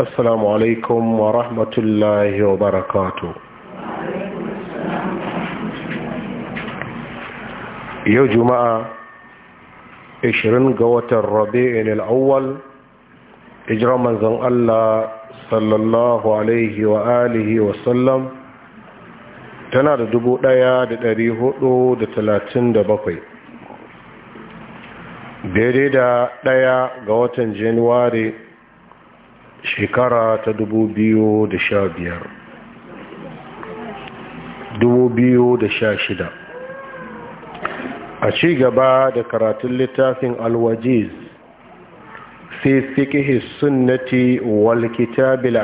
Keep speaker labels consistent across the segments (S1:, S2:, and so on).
S1: السلام عليكم ورحمة الله وبركاته يوم جماعة 20 قوة الربيع الأول إجرى منزل الله صلى الله عليه وآله وسلم tana دبو dubu ɗaya da ɗari hudu دا talatin da bakwai daidai da ɗaya shekara ta da sha biyar, da sha shida. a ci gaba da karatun littafin alwajiz sai fikihi sunnati wal kitabil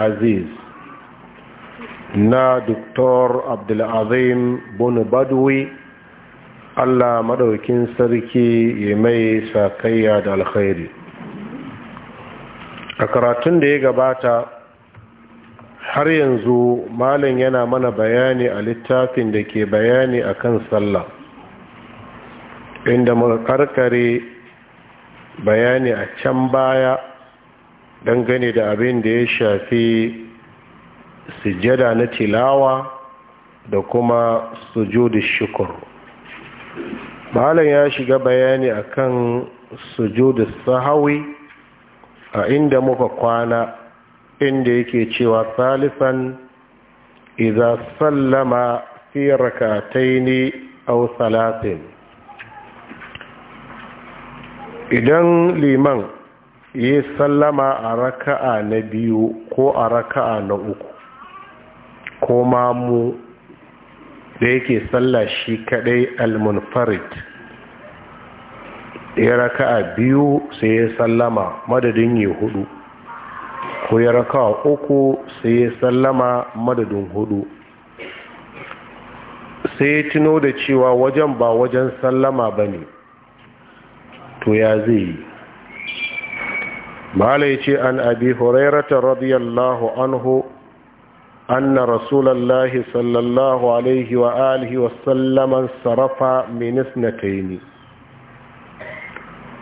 S1: na doktor abdulazim bonu badwi allah maɗaukin sarki ya mai sakayya da alkhairi a karatun da ya gabata har yanzu malin yana mana bayani a littafin da ke bayani a kan sallah inda muka karkare bayani a can baya dangane da abin da ya shafi sujada na tilawa da kuma sujudu shukur malam ya shiga bayani a akan sujudu sahawi a inda muka kwana inda yake cewa salisan iza sallama fi rakataini aw salatin idan liman ya sallama a raka'a na biyu ko a raka'a na uku ko mamu da yake sallah shi kadai al-munfarid ya raka'a biyu sai ya sallama madadin ya hudu ko ya raka'a uku sai ya sallama madadin hudu sai ya tuno da cewa wajen ba wajen sallama ba ne to ya zai yi mala ce an abi hurairata radiyallahu anhu أن رسول الله صلى الله عليه وآله وسلم انصرف من اثنتين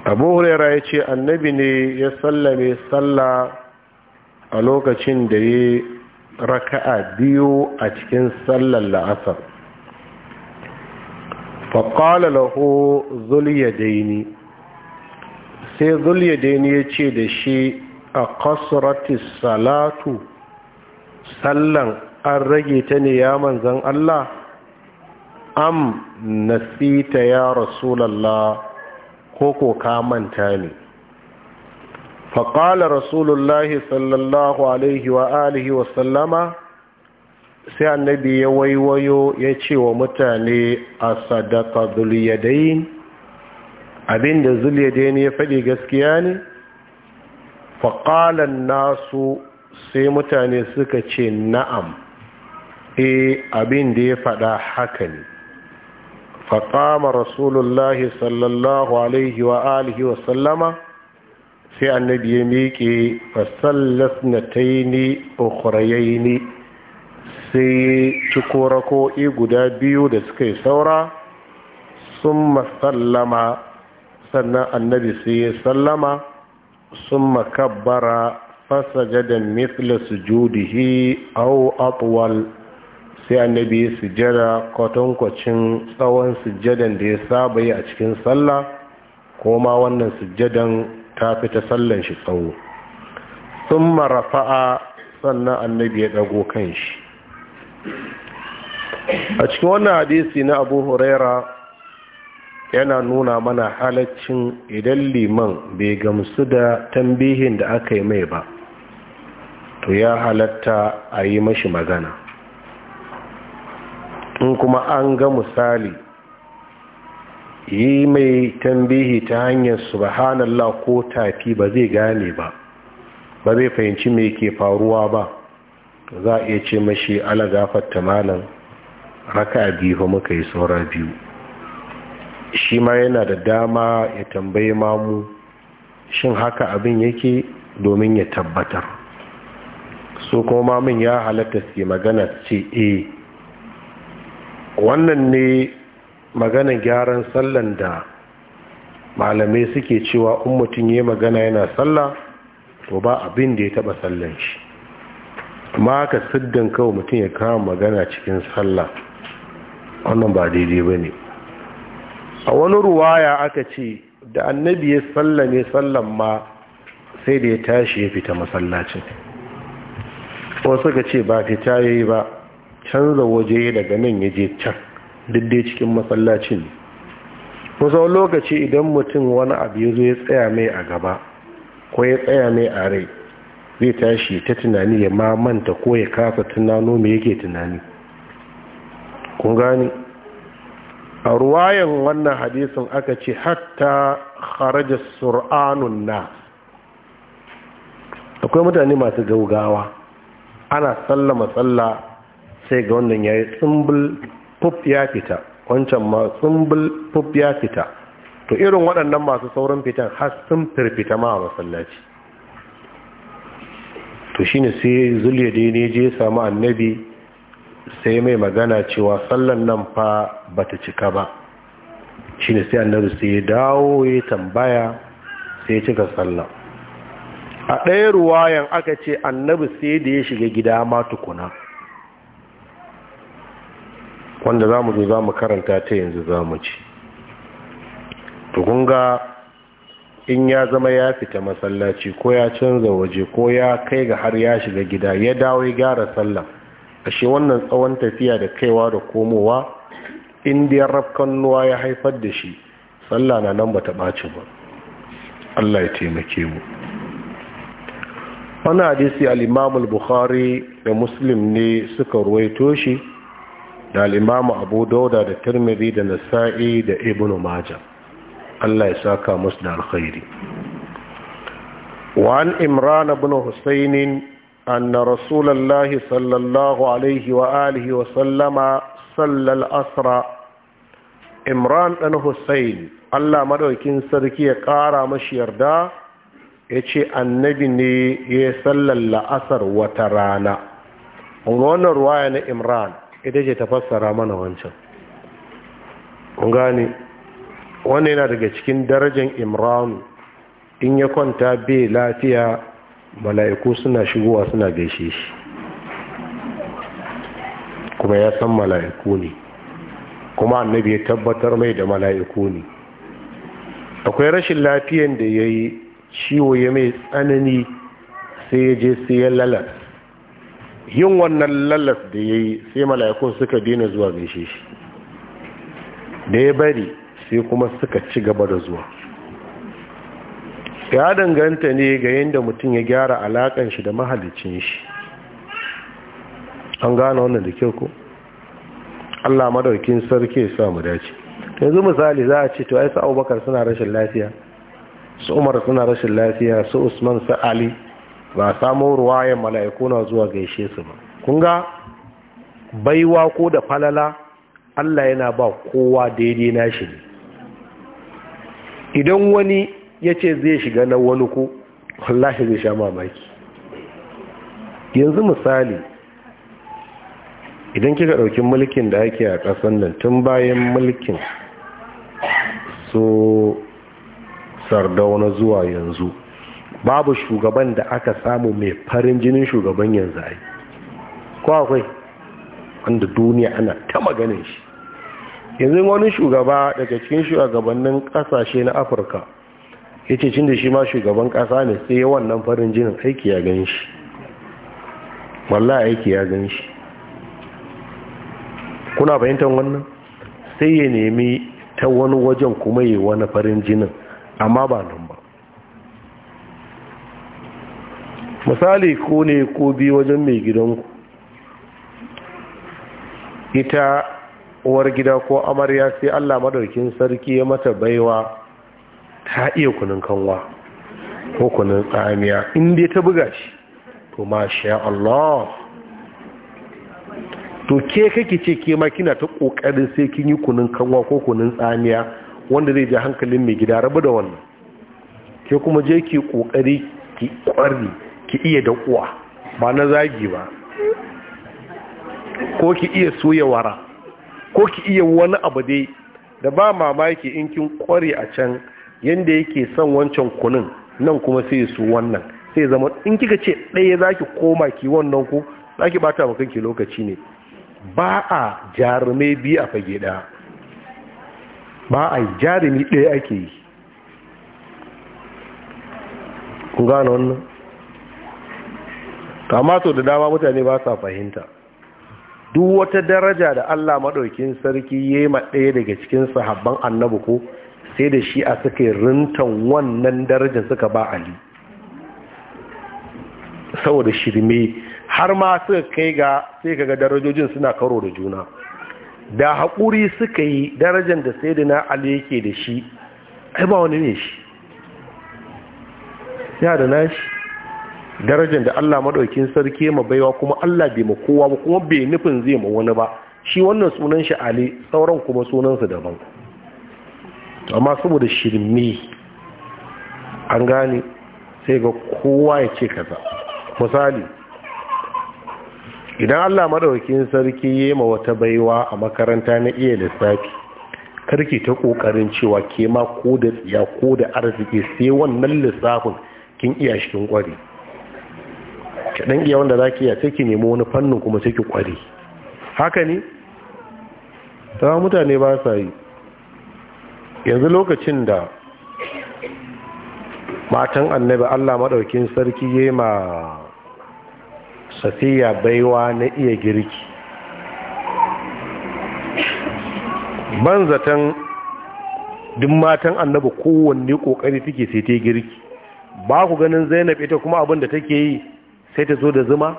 S1: abu huraira ya ce annabi ne ya sallame sallah a lokacin da ya raka'a biyu a cikin sallar la'asar faƙala laho daini sai daini ya ce da shi a kasurati salatu sallan an rage ta ne ya manzan Allah am nasita ya rasulallah ko ko ka manta ne faƙala rasulullahi sallallahu alaihi wa alihi wa sallama sai annabi ya waiwayo ya ce wa mutane a sadaka zuliyadain abinda zuliyadain ya faɗi gaskiya ne faƙalan nasu sai mutane suka ce na'am Eh abin da ya faɗa haka ne faƙama rasulullahi sallallahu alaihi wa alihi wa sallama sai annabi ya miƙe fasallas na taini ukurayaini sai ciko rako'i guda biyu da suka yi saura sun masallama sannan annabi sai ya sallama sun makabbara fasaja da mithla sujudihi au atwal sai annabi ya sujjada kwatankwacin tsawon sujjadan da ya saba yi a cikin sallah ko ma wannan sujjadan ta fi ta sallan shi tsawo sun marafa'a sannan annabi ya ɗago kan shi a cikin wannan hadisi na abu huraira yana nuna mana halaccin idan liman bai gamsu da tambihin da aka yi mai ba to ya halatta a yi mashi magana in kuma an ga misali yi mai tambihi ta hanyar subhanallah ko tafi ba zai gane ba ba zai fahimci mai ke faruwa ba za a iya ce mashi ala gafar malam raka biyu ba muka yi saura biyu shi ma yana da dama ya tambaye mamu shin haka abin yake domin ya tabbatar su kuma mamun ya halatta su magana ce e wannan ne maganan gyaran sallan da malamai suke cewa in mutum ya magana yana sallah to ba abin da ya taba sallan shi amma ka siddin kawo mutum ya kawo magana cikin sallah wannan ba daidai ba ne a wani ruwaya aka ce da annabi ya sallame sallan ma sai da ya tashi ya fita masallacin wasu ka ce ba fita ya yi ba canza waje daga nan ya je can dai cikin masallacin sau lokaci idan mutum wani abu ya zo ya tsaya mai a gaba ko ya tsaya mai a rai zai tashi ta tunani ya mamanta ko ya kasa tunano mai yake tunani kun gani a ruwayan wannan hadisin aka ce hatta kharaja sur'anun na akwai mutane masu gaugawa ana sallama sallah sai ga wannan ya yi tsumbul fuf ya fita wancan ma tsumbul fuf ya fita to irin waɗannan masu saurin fitan har sun firfita ma a masallaci to shine sai dai ne je samu annabi sai mai magana cewa sallan nan fa ba ta cika ba shine sai annabi sai ya dawo ya tambaya sai ya cika sallan a ɗaya ruwayan aka ce annabi sai da ya shiga gida ma tukuna wanda za mu zo za mu karanta ta yanzu za mu ci tukunga in ya zama ya fita masallaci ko ya canza waje ko ya kai ga har ya shiga gida ya dawo ya gyara sallah ashe wannan tsawon tafiya da kaiwa da komowa indiyar rafkan ya haifar da shi sallah na nan ba ta ɓaci ba Allah ya taimake mu wani hadisi alimamul bukhari da muslim ne suka ruwaito shi dalimamu abu dauda da turmiri da nasa'i da ibnu majal Allah ya saka musu da alkhairi wa'an imran abu na husainin anna sallallahu alaihi wa'alihi wa sallama sallal asra imran dan husain Allah madaukin sarki ya ƙara mashi yarda ya ce annabi ne ya sallar la'asar wata rana wannan ruwaya na imran ita ce ta fassara mana wancan kun gane wannan yana daga cikin darajan imran in ya kwanta be lafiya mala'iku suna shigowa suna gaishe shi kuma ya san mala'iku ne kuma annabi ya tabbatar mai da mala'iku ne akwai rashin lafiyan da ya yi ciwo ya mai tsanani sai ya je sai ya lalata yin wannan lallas da ya yi sai mala'ikun suka daina zuwa gaishe shi da ya bari sai kuma suka ci gaba da zuwa ya danganta ne ga yadda mutum ya gyara alakan shi da mahalicin shi an gane wannan da kyau ko allah madaukin sarki ya samu dace yanzu misali za a ce to ai su abubakar suna rashin lafiya su umar suna rashin lafiya su usman su ali ba samu ruwayen mala'iku na zuwa gaishe su ba kun ga baiwa ko da falala Allah yana ba kowa daidai na shi ne idan wani ya ce zai shiga na wani ku wallahi zai sha mamaki yanzu misali idan kika ɗauki mulkin da ake a ƙasar nan tun bayan mulkin so sardauna zuwa yanzu babu shugaban da aka samu mai farin jinin shugaban yanzu ai ko akwai wanda duniya ana ta maganin shi yanzu wani shugaba daga cikin shugabannin kasashe na afirka ya ce cin da shi ma shugaban kasa ne sai ya wannan farin jinin aiki ya gan shi wallah aiki ya gan shi kuna fahimtar wannan sai ya nemi ta wani wajen kuma yi wani farin jinin amma ba nan misali ko ne ko biyu wajen mai gidanku ita uwar gida ko amarya sai allah madaukin sarki ya mata baiwa ta iya kunin kanwa ko kunin tsamiya inda ta buga shi to masha allah to ke kake ce ke ma kina ta kokarin sai kin yi kunun kanwa ko kunun tsamiya wanda zai ji hankalin mai gida rabu da wannan ke kuma je ki kokari ki kwari ki iya da uwa ba na zagi ba ko ki iya soya wara ko ki iya wani abu dai da ba mamaki in kin kware a can yanda yake son wancan kunin nan kuma sai su wannan sai zama in kika ce ɗaya ki koma ki wannan ku ki bata wa ki lokaci ne ba a jarumai biyu a fage ɗaya ba a jarumi ɗaya ake yi ku gane wannan kama to da dama mutane ba sa fahimta duk wata daraja da Allah maɗaukin sarki ya yi ɗaya daga cikin sahabban annabi ko sai da shi a suka rintan wannan darajar suka ba Ali saboda shirme har ma suka kai ga sai kaga darajojin suna karo da juna da haƙuri suka yi darajar da sai da na Ali yake da shi ai ba wani ne shi ya da nashi darajar da Allah madaukin sarki ma baiwa kuma Allah bai ma kowa ba kuma bai nufin zai ma wani ba shi wannan sunan shi ali sauran kuma sunan su daban amma saboda shirme an gane sai ga kowa ya ce kaza misali idan Allah madaukin sarki ya yi ma wata baiwa a makaranta na iya lissafi karki ta kokarin cewa ke ma ko da tsiya ko da arziki sai wannan lissafin kin iya shi kin kware kaɗan iya wanda za ki iya sai ki nemi wani fannin kuma sai ki ƙware haka ne ta mutane ba sa yi yanzu lokacin da matan annabi allah maɗaukin sarki ya ma safiya baiwa na iya girki ban zaton duk matan annabi kowanne ƙoƙari take sai ta girki ba ku ganin zainab ita kuma abin da take yi sai ta zo da zuma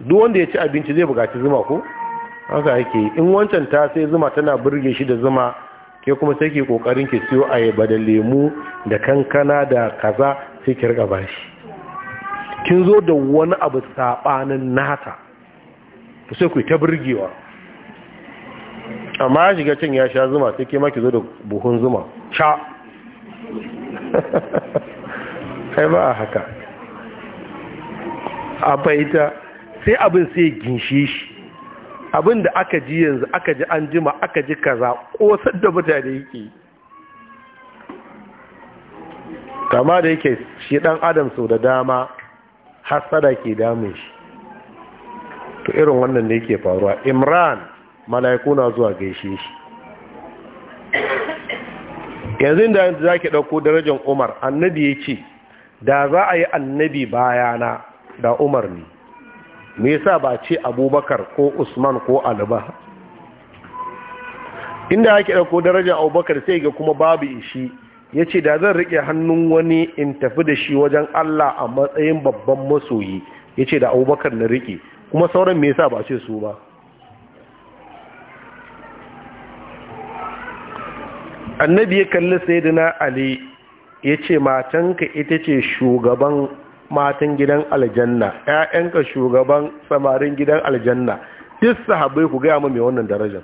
S1: duk wanda ya ci abinci zai bukaci zuma ko haka yake in wancan ta sai zuma tana burge shi da zuma ke kuma sai ke kokarin ki siyo ayaba da lemu da kankana da kaza sai ki riga bashi kin zo da wani abu sabanin nata to sai ku ta burgewa amma shiga cin ya sha zuma sai ke ma ki zo da buhun zuma cha kai ba haka a fahimta sai abin sai ginshi shi abin da aka ji yanzu aka ji an jima aka ji kaza kosar da mutane yake kama da yake shi dan adam sau da dama hasada ke damun shi to irin wannan ne yake faruwa imran mala'iku na zuwa gaishe shi yanzu da za ki ɗauko darajar umar annabi ya ce da za a yi annabi bayana da umar ne me yasa ba ce abubakar ko usman ko ali ba inda ake ɗauko darajar abubakar sai ga kuma babu ishi ya ce da zan riƙe hannun wani in tafi da shi wajen allah a matsayin babban masoyi ya ce da abubakar na riƙe kuma sauran me yasa ba ce su ba annabi ya kalli saidina ali ya ce matanka ita ce shugaban matan gidan aljanna ƴaƴanka shugaban samarin gidan aljanna duk sahabbai ku gaya mai wannan darajar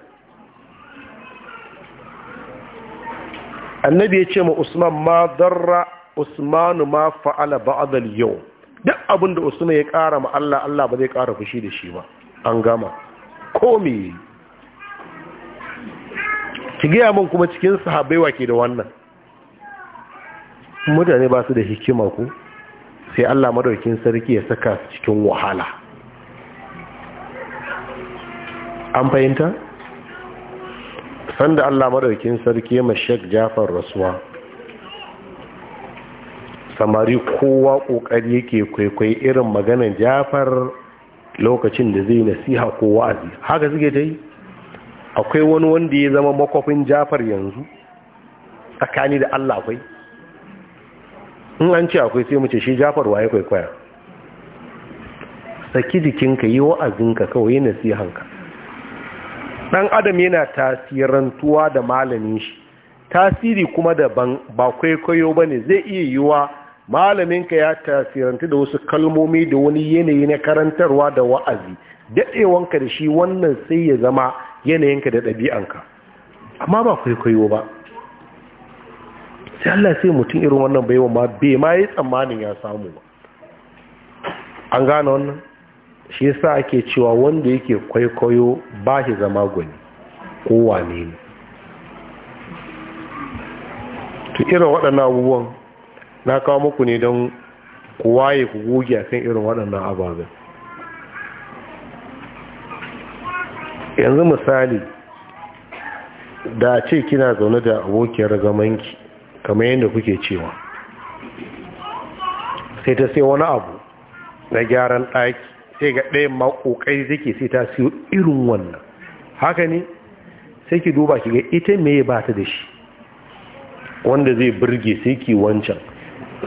S1: annabi ya ce ma usman ma darra usmanu ma fa'ala al yau duk abin da usman ya ƙara ma Allah Allah ba zai ƙara fushi da shi ba an gama ko ki gaya min kuma cikin sahabbai wa ke da wannan mutane ba su da hikima ku sai Allah madaukin sarki ya saka su cikin wahala an fahimta sanda Allah madaukin sarki ya mashek Jafar rasuwa samari kowa kokari yake kwaikwai irin maganan Jafar lokacin da zai nasiha ko wa'azi haka suke dai akwai wani wanda ya zama makwafin Jafar yanzu tsakani da Allah akwai in an ce akwai sai mace ce shi jafar waye kwaikwaya saki jikinka yi wa'azinka kawai yi nasihanka dan adam yana tasirantuwa da malamin shi tasiri kuma daban ba kwaikwayo ba ne zai iya yiwa malaminka ya tasirantu da wasu kalmomi da wani yanayi na karantarwa da wa'azi daɗewanka da shi wannan sai ya zama yanayinka da ɗabi'anka amma ba kwaikwayo ba sai Allah sai mutum irin wannan bai wa bai ma yi tsammanin ya samu ba an gane wannan shi yasa ake cewa wanda yake kwaikwayo ba shi zama gwani ko wane ne to irin waɗannan abubuwan na kawo muku ne don ku waye ku goge a kan irin waɗannan ababen yanzu misali da ce kina zaune da abokiyar zamanki kamar yadda kuke cewa sai ta sai wani abu na gyaran ɗaki sai ga ɗayan makokai zake sai ta siyo irin wannan haka ne sai ki duba ki ga ita me ba ta da shi wanda zai burge sai ki wancan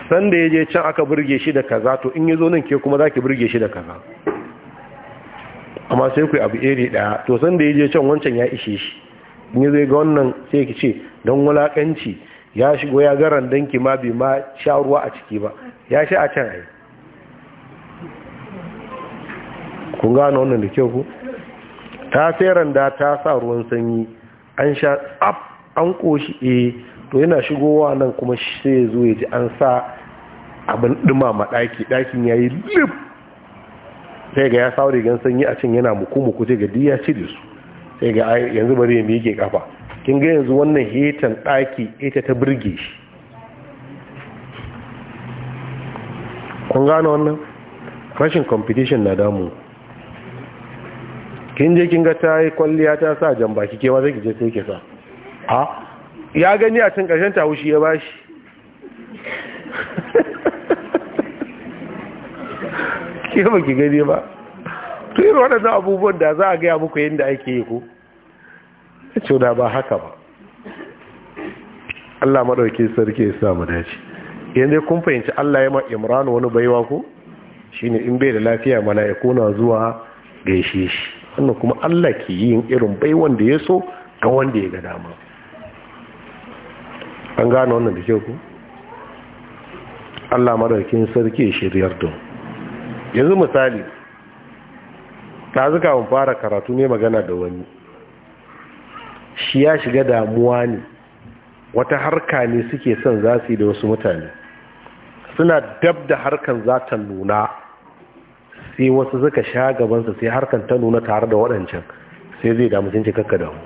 S1: sanda ya je can aka burge shi da kaza to in ya zo nan ke kuma za ki burge shi da kaza amma sai ku abu iri daya to sanda ya je can wancan ya ishe shi in ya zai ga wannan sai ki ce don wulaƙanci ya shigo ya ga randan ki ma bai ma sha ruwa a ciki ba ya sha a can ai kun gano wannan da kyau ku ta sai randa ta sa ruwan sanyi an sha tsaf an koshi eh to yana shigowa nan kuma sai ya zo ya ji an sa abin dumama daki dakin yayi lip sai ga ya sa rigan sanyi a cin yana muku muku ga diya ci da su sai ga yanzu bari ya mike kafa kin ga yanzu wannan hetan ɗaki ita ta birge shi kun gane wannan rashin competition na damu kin je kin ga ta yi kwalliya ta sa jan baki kewa zai je sai ke sa ha ya gani a cin ƙarshen ta haushi ya bashi ke ba ki gani ba tuyar waɗannan abubuwan da za a gaya muku yadda ake yi ko ce da ba haka ba Allah madauki sarki ya samu dace yanzu kun fahimci Allah ya ma imran wani baiwa ko shine in bai da lafiya mala'iku na zuwa gaishe shi wannan kuma Allah ke yin irin baiwan da ya so ga wanda ya ga dama an gane wannan da kyau ku Allah madauki sarki ya shiryar don yanzu misali ta zuka mun fara karatu ne magana da wani shi ya shiga damuwa ne wata harka ne suke son za su yi da wasu mutane suna dab da harkan za nuna sai wasu suka sha gabansa sai harkan ta nuna tare da waɗancan sai zai damu sun ce kakka damu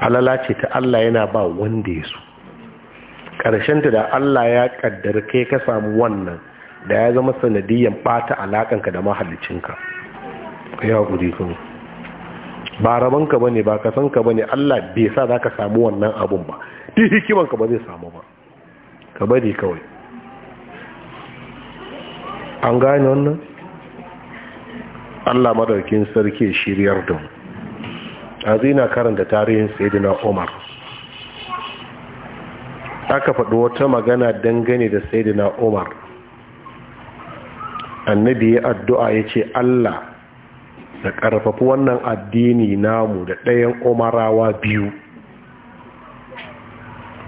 S1: alala ce ta Allah yana ba wanda ya so ƙarshenta da Allah ya ƙaddar kai ka samu wannan da ya zama sanadiyyar ɓata alaƙanka da mahallicinka ya guri kuma ba rabanka ba ne ba ka ka ba allah bai sa za ka samu wannan abun ba duk hikimanka ba zai samu ba ka bari kawai an gane wannan allah madarkin sarki shiryar da mu a zina karanta tarihin sayidina umar aka faɗi wata magana dangane da saidina umar annabi ya addu'a ya ce allah da ƙarfafi wannan addini namu da ɗayan umarawa biyu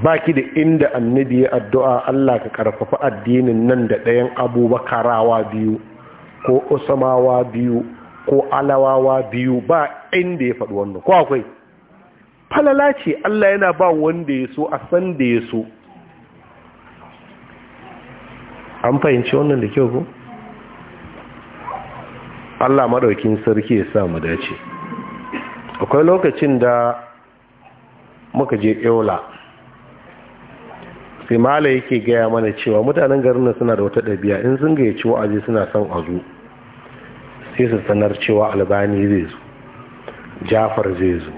S1: baki da inda annabi ya addu'a Allah ka ƙarfafi addinin nan da ɗayan abubakarawa biyu ko usamawa biyu ko alawawa biyu ba inda ya faɗi wannan ko akwai falala ce Allah yana ba wanda ya so a san da ya so an fahimci wannan da kyau ko? Allah maɗaukin sarki ya sa mu dace akwai lokacin da muka je eola sai mala yake gaya mana cewa mutanen garin nan suna da wata ɗabi'a in sun gayyaci wa'azi suna son azu zo sai su sanar cewa albani zai zo jafar zai zo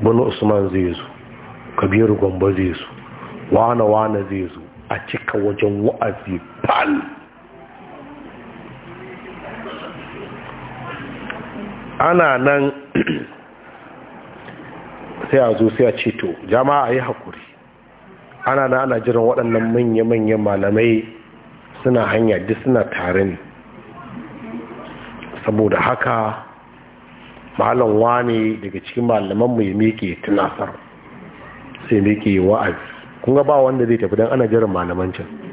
S1: bin usman zai zo kabiru gombe zai zo Wana wane zai zo a cika wajen wa'azi pal ana nan sai a zo sai a ce to jama'a yi hakuri ana nan ana jiran waɗannan manya-manyan malamai suna hanya duk suna tare ne saboda haka malon wani daga cikin malamanmu ya meke tunasar sai meke wa'azi kun ba wanda zai tafi don ana jiran malamancin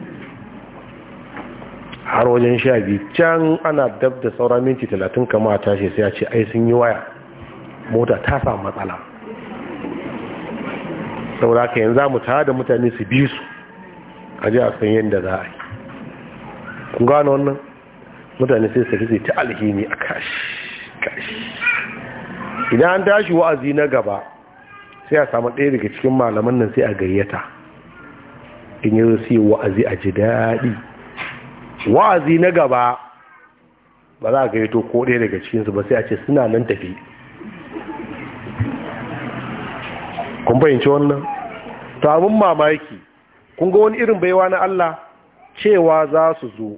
S1: har wajen sha biyu can ana dab da saura minti talatin kama a tashi sai a ce ai sun yi waya mota ta samu matsala saura ka yanzu mu tara da mutane su bi su a ji a san yadda za a yi kun gano wannan mutane sai su fi ta alhini a kashi kashi idan an tashi wa'azi na gaba sai a samu ɗaya daga cikin malaman nan sai a gayyata in yi wa'azi a ji daɗi wa'azi na gaba ba za a gaito ko ɗaya daga cikinsu ba sai a ce suna nan tafi kun fahimci wannan ta abin mamaki kun ga wani irin baiwa na Allah cewa za su zo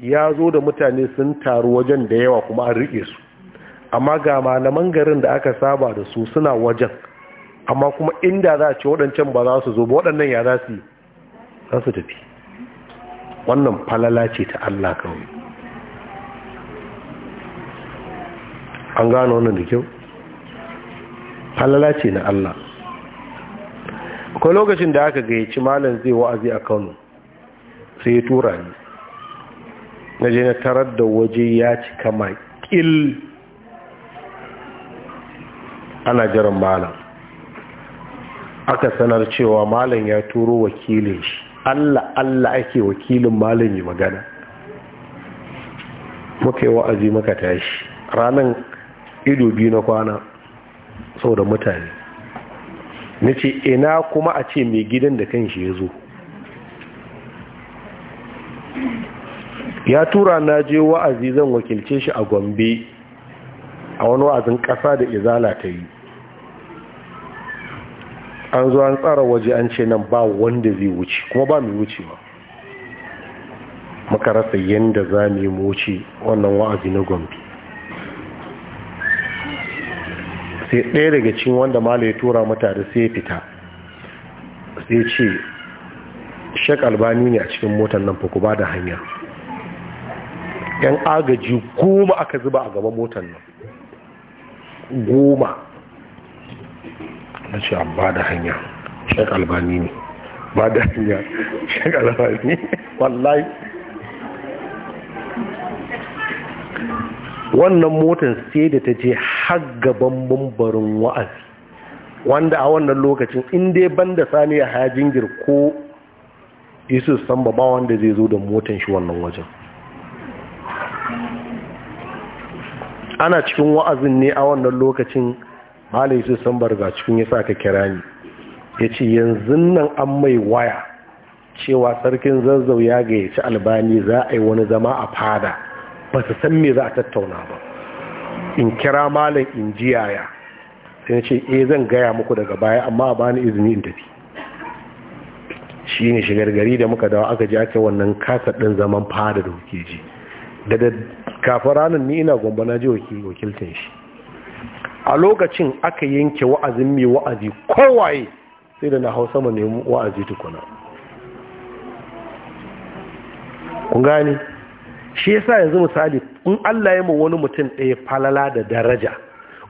S1: ya zo da mutane sun taru wajen da yawa kuma an riƙe su amma ga malaman garin da aka saba da su suna wajen amma kuma inda za a ce waɗancan ba za su zo ba waɗannan ya za su yi za su tafi wannan falala ce ta Allah kawai an gano wannan da kyau falala ce na Allah akwai lokacin da aka gayyaci malam zai wa'azi a Kano sai ya tura ni na je na tarar da waje ya cika makil ana jiran malam aka sanar cewa malam ya turo wakilin shi Allah Allah ake wakilin malam yi magana muka yi wa'azi muka tashi ranar ido biyu na kwana sau da mutane na ce ina kuma a ce mai gidan da kan shi ya zo ya tura na je wa'azi zan wakilce shi a gombe a wani wa'azin kasa da izala ta yi an zo an tsara waje an ce nan ba wanda zai wuce kuma ba mai wucewa Maka rasa yadda za mu yi wuce wannan wa'azi na gombe sai ɗaya daga cikin wanda mala ya tura mata da sai fita sai ce shek albani ne a cikin motar nan ku ba da hanya yan agaji goma aka zuba a gaban motar nan goma na ce ba da hanya shek albani ne ba da hanya shek albani wallahi wannan motar sai da ta je har gaban bambarin wa'azi wanda a wannan lokacin inda ban da sani a hajjin ko Isu samba ba wanda zai zo da motan shi wannan wajen ana cikin wa'azin ne a wannan lokacin malai su san barga cikin ya sa ka kira ni ya ce yanzu nan an mai waya cewa sarkin zazzau ya gayyaci albani za a yi wani zama a fada ba su san me za a tattauna ba in kira malam in ji yaya sai na ce e zan gaya muku daga baya amma a bani izini in tafi shi ne shigar gari da muka dawa aka ji aka wannan kasa ɗin zaman fada da kuke ji da kafin ranar ni ina gomba na ji wakilcin shi a lokacin aka yanke wa'azin mai wa'azi kowaye sai da na hau sama ne wa'azi tukuna kun gane shi yasa yanzu misali in Allah ya ma wani mutum ɗaya falala da daraja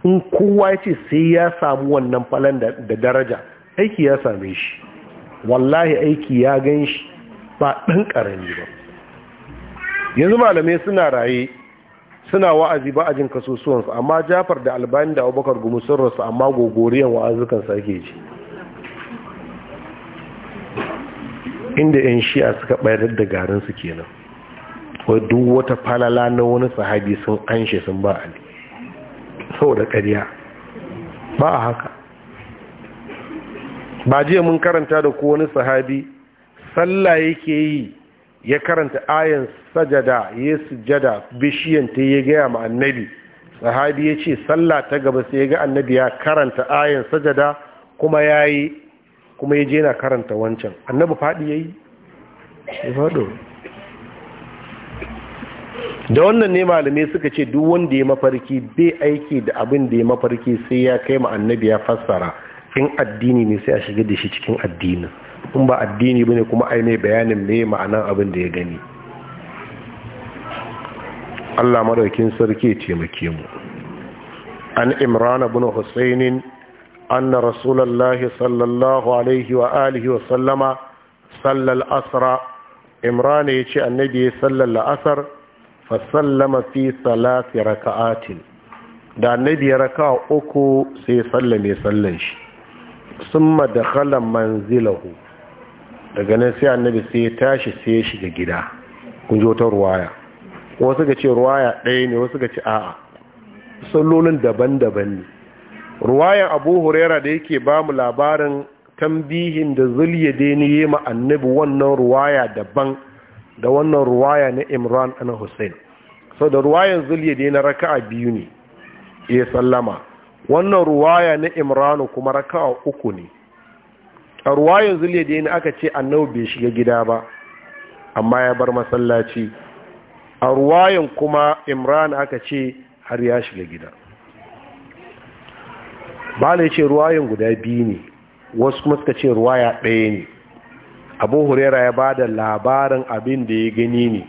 S1: in kowa ya ce sai ya samu wannan falan da daraja aiki ya same shi wallahi aiki ya gan shi ba ɗan ƙarami ba yanzu malamai suna raye suna wa'azi ba a jin kasusuwansu amma jafar da albani da abubakar gumi sun rasu amma gogoriyan wa'azukan sake ji inda 'yan shi'a suka bayar da garin su kenan wai duk wata falala na wani sahabi sun anshe sun ba ali saboda ƙarya ba a haka ba jiya mun karanta da kowani sahabi sallah yake yi ya karanta ayan sajada ya sujada bishiyan ta ya gaya ma annabi sahabi ya ce sallah ta gaba sai ya ga annabi ya karanta ayan sajada kuma ya yi kuma ya je karanta wancan annabi faɗi ya yi ya faɗo da wannan ne malamai suka ce duk wanda ya mafarki bai aiki da abin da ya mafarki sai ya kai ma annabi ya fassara in addini ne sai a shiga da shi cikin addinin in ba addini bane kuma ai mai bayanin me ma'anan abin da ya gani Allah madaukin sarki taimake mu an imran ibn husayn anna rasulullahi sallallahu alaihi wa alihi wa sallama sallal asra imran yace annabi sallal asr fa sallama fi salati raka'atin da annabi ya raka uku sai sallame sallan shi summa dakhala manzilahu daga nan sai annabi sai ya tashi sai ya shiga gida kun ji ruwaya wasu ga ce ruwaya ɗaya ne wasu ga ce a'a sallolin daban-daban ne ruwayan abu huraira da yake ba mu labarin tambihin da zulye da ni yi ma annabi wannan ruwaya daban da wannan ruwaya na imran ana hussein sau da ruwayan zulye da na raka'a biyu ne ya sallama wannan ruwaya na imranu kuma raka'a uku ne a da yana aka ce annabi bai shiga gida ba amma ya bar masallaci a ruwayan kuma imran aka ce har ya shiga gida ba na ce ruwayan guda biyu ne wasu kuma suka ce ruwaya ɗaya ne abu hurera ya ba da labarin abin da ya gani ne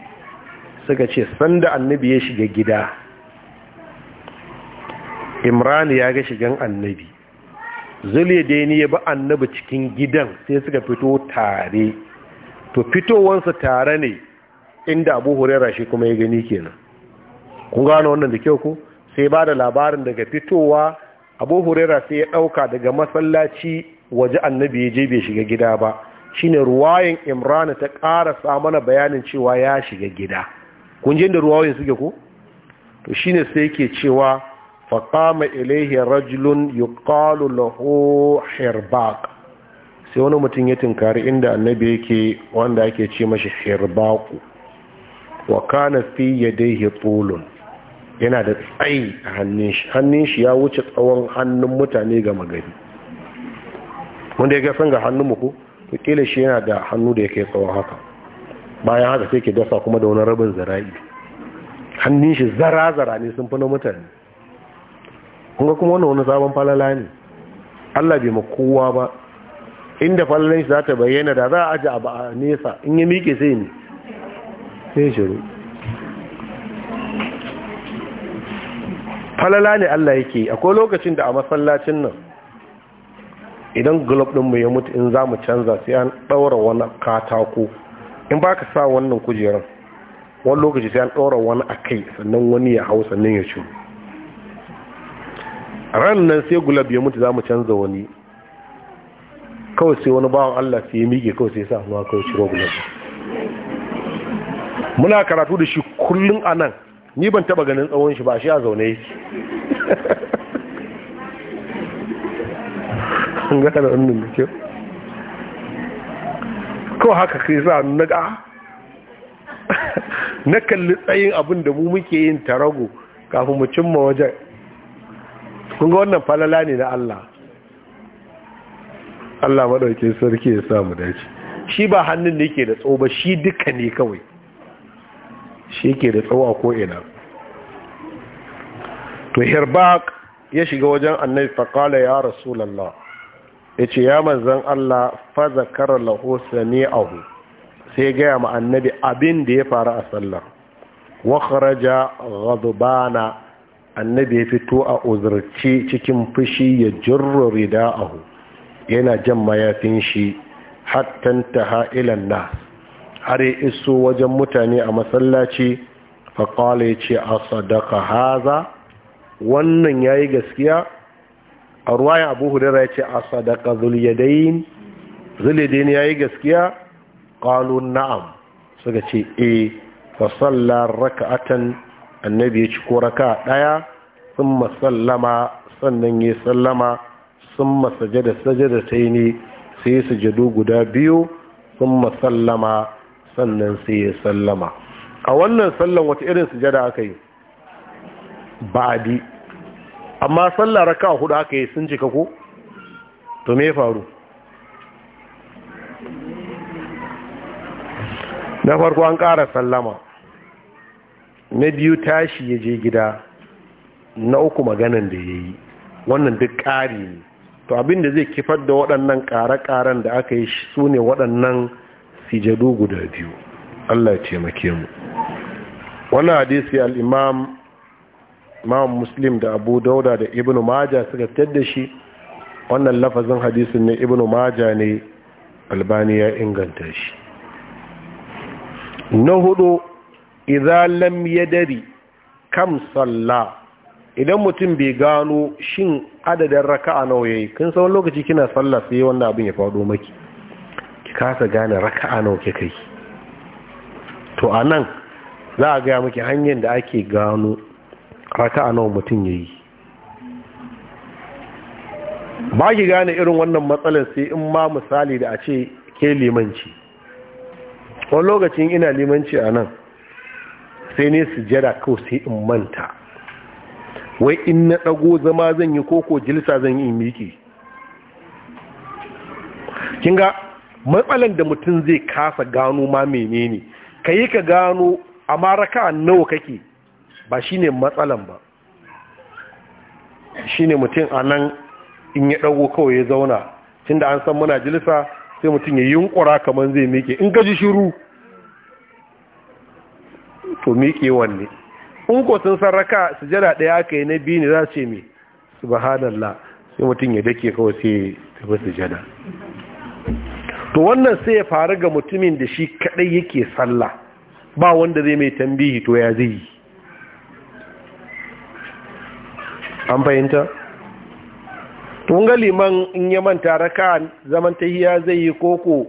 S1: suka ce sanda annabi ya shiga gida imran ya ga shigan annabi ne ya ba annabi cikin gidan sai suka fito tare to fitowansa tare ne inda abu hurera shi kuma ya gani kenan kun gano wannan da kyau ku? sai ba da labarin daga fitowa abu hurera sai ya ɗauka daga masallaci waje annabi ya je bai shiga gida ba shine ruwayin imrana ta ƙarasa mana bayanin cewa ya shiga gida kun je da ruwayin suke ku? to shine sai yake cewa faƙama ilaihi rajulun yuqalu lahu hirbaq sai wani mutum ya tunkari inda annabi yake wanda ake ce mashi hirbaku wa kana fi yadayhi tulun yana da tsayi a hannun shi hannun shi ya wuce tsawon hannun mutane ga magari wanda ya gasan ga hannun muku to kila shi yana da hannu da yake tsawon haka bayan haka sai ke dasa kuma da wani rabin zara'i hannun shi zara-zara ne sun fi na mutane kuma kuma wannan wani sabon falala ne Allah bai ma kowa ba inda falalan shi za ta bayyana da za a aji abu a nesa in ya miƙe sai ne sai shiru falala ne Allah yake akwai lokacin da a masallacin nan idan globe ɗinmu ya mutu in za mu canza sai an ɗaura wani katako in ba ka sa wannan kujerar wani lokaci sai an ɗaura wani a kai sannan wani ya hau sannan ya ciwo ran nan sai gulab ya mutu za mu canza wani kawai sai wani bawan Allah sai ya miƙe kawai sai ya sa hannuwa kawai shiro gulab muna karatu da shi kullum a nan ni ban taba ganin tsawon shi ba shi a zaune yake an da wannan da kyau kawai haka kai sa na ga ah. na kalli tsayin abin da mu muke yin tarago kafin mu cimma wajen Kunga wannan falala ne na Allah Allah maɗauki sarki ya samu dace shi ba hannun da yake da tso ba shi duka ne kawai shi yake da tsawo a ko'ina to hirbak ya shiga wajen annabi faƙala ya rasulallah ya ce ya manzan Allah faza karar laho sani sai gaya ma annabi abin da ya faru a sallar wakaraja ghadubana annabi ya fito a uzurci cikin fushi ya jirro rida'ahu yana jan mayafin shi hattan ha'ilan na har ya iso wajen mutane a masallaci faƙala ya ce a sadaka haza wannan ya yi gaskiya a ruwaya abu hudura ya ce a sadaka zuliyadayin zuliyadayin ya yi gaskiya ƙalun na'am suka ce e eh, fasallar raka'atan annabi ya ci koraka ɗaya sun masallama sannan ya sallama sun masajada sajada ta yi ne sai ya sajado guda biyu sun masallama sannan sai ya sallama a wannan sallan wata irin sujada aka yi bi amma sallah raka hudu aka yi sun cika ko to me faru na farko an ƙara sallama na biyu tashi ya je gida na uku maganan da ya yi wannan duk ƙari ne to abin da zai kifar da waɗannan ƙare-ƙaren da aka yi su ne waɗannan sijadu guda biyu allah ya taimake mu wani hadisi al'imam imam muslim da abu dauda da ibnu maja suka da shi wannan lafazin hadisin ne ibnu maja ne albani ya inganta shi na hudu idza lam yadari kam salla idan mutum bai gano shin adadin raka'a nawa yayi kan san lokaci kina sallah sai wannan abin ya faɗo maki ki kasa gane raka'a nawa kike kai to anan za a ga miki hanyar da ake gano raka'a nawa mutum yayi ba ki gane irin wannan matsalar sai in ma misali da a ce ke limanci wani lokacin ina limanci a nan sai ne sujada kawai sai in manta wai in na ɗago zama zan yi koko jilsa zan yi miki kin ga matsalan da mutum zai kasa gano ma menene ka yi ka gano a maraka nawa kake ba shine matsalan ba shine mutum a nan in ya ɗago kawai ya zauna cinda an san muna jilisa sai mutum ya yunkura kamar zai miki in gaji shiru to miƙe wanne in ko sun san raka jada ɗaya aka yi na biyu ne za su ce me sai mutum ya dake kawai sai tafi jada to wannan sai ya faru ga mutumin da shi kaɗai yake salla ba wanda zai mai tambihi to ya zai yi an fahimta tun ga liman in ya manta raka zaman ta tahiya zai yi koko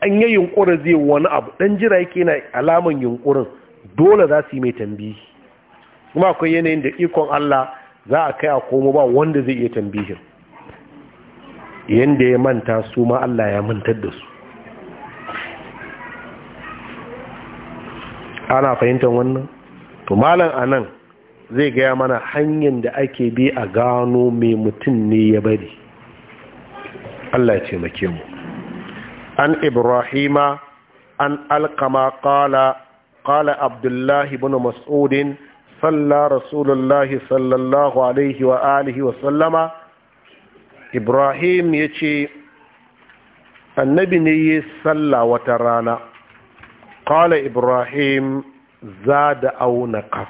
S1: an yi yunkurin zai wani abu dan jira yake na alaman yunkurin dole za su yi mai tambihi kuma akwai yanayin da ikon Allah za a kai a komo ba wanda zai iya tambihin yanda ya manta su ma Allah ya mantar da su ana fahimtar wannan to malam nan zai gaya mana hanyar da ake bi a gano mai mutum ne ya bari Allah ce make mu an ibrahima an alkama kala قال عبد الله بن مسعود صلى رسول الله صلى الله عليه وآله وسلم إبراهيم يتي النبي ني صلى وترانا قال إبراهيم زاد أو نقص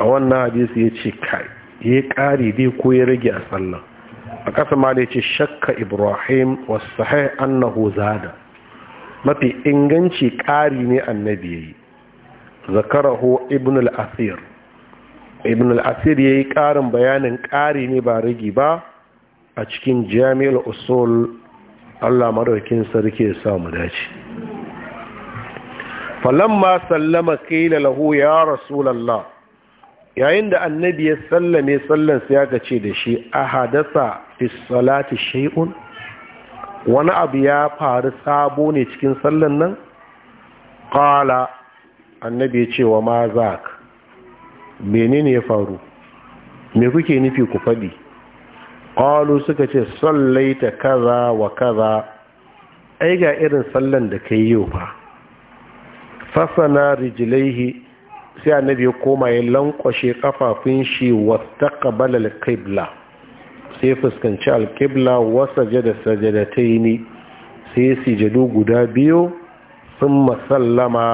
S1: أولنا حديث يتي كاي يقاري دي كوي رجع صلى أقسم عليه شك إبراهيم والصحيح أنه زاد mafi inganci ƙari ne annabi ya yi zakaraho ibn al-asir ibn al-asir ya yi ƙarin bayanin ƙari ne ba rigi ba a cikin jami'ar usul allah maraukin sarki ya samu dace ma sallama kaila lahu ya rasulallah yayin da annabi ya sallame sallansa ya ce da shi a hadasa fi salati shay'un wani abu ya faru sabo ne cikin sallan nan ƙala annabi ya ce wa ma za ka menene ya faru me kuke nufi ku faɗi ƙalu suka ce sallaita kaza wa kaza ai ga irin sallan da ka yi yau ba fasana rijilaihi sai annabi ya koma ya lankwashe kafafun shi wata al kaibla. sai fuskanci alkibla wasa jada sajadatai ne sai sijadu guda biyu sun masallama